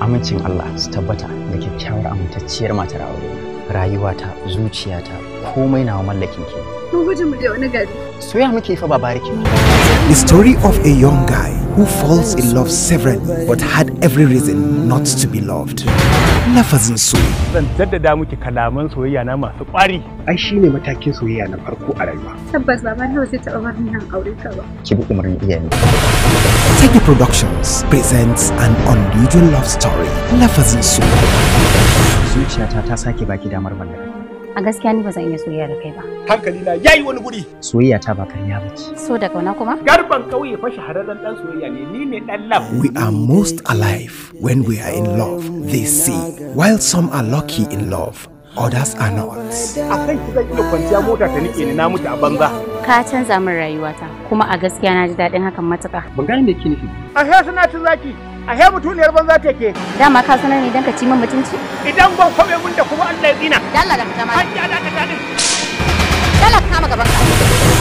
amincin Allah su tabbata da kyakkyawar amintacciyar matar aure rayuwata zuciyata komai nawa mallakin ke mu guji mu da wani gari soya muke fa ba bariki the story of a young guy who falls in love severally but had every reason not to be loved. Lafazin soyayya. Zan jaddada miki kalaman soyayya na masu ƙwari. Ai shi ne matakin soyayya na farko a rayuwa. Tabbas baba na zai taɓa barin nan aure ka ba. Ki bi umarnin iyaye. Take Productions presents an unusual love story. Lafazin soyayya. Zuciyata ta sake baki damar mallaka. A gaskiya ni ba zan iya soyayya da kai ba. Hankali na yayi wani guri. Soyayya ta ba karya ba ce. So da kauna kuma? Garban kauye fa shahararren dan soyayya ne, ni ne dan love. We are most alive when we are in love, they say. While some are lucky in love, others are not. A kan ki zan iya kwanciya mota ta nike ni na mutu a banza. Ka canza min rayuwata, kuma a gaskiya na ji daɗin hakan matuƙa. Ban gane me ke nufi. A suna ci zaki. a he mutuniyar banza take dama ka sanar ne don ka ci min mutunci idan ban kwabe mun da kuma Allah ya tsina dalla da kama an ya da ta din dalla kama gaban ka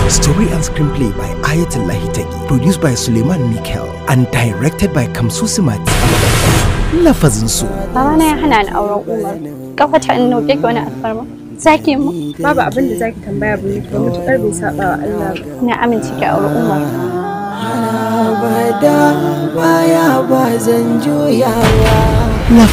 Story and screenplay by Ayatollah Hitegi, produced by Suleiman Mikel, and directed by Kamsu Simat. Lafazin su. Babana ya hana ni auren Umar. ta in nauke ki wani alfarma. Sake mu. Babu abin da zaki tambaya bane ko mutuƙar bai saba wa Allah. Na amince ki aure Umar. da baya ba zan ba.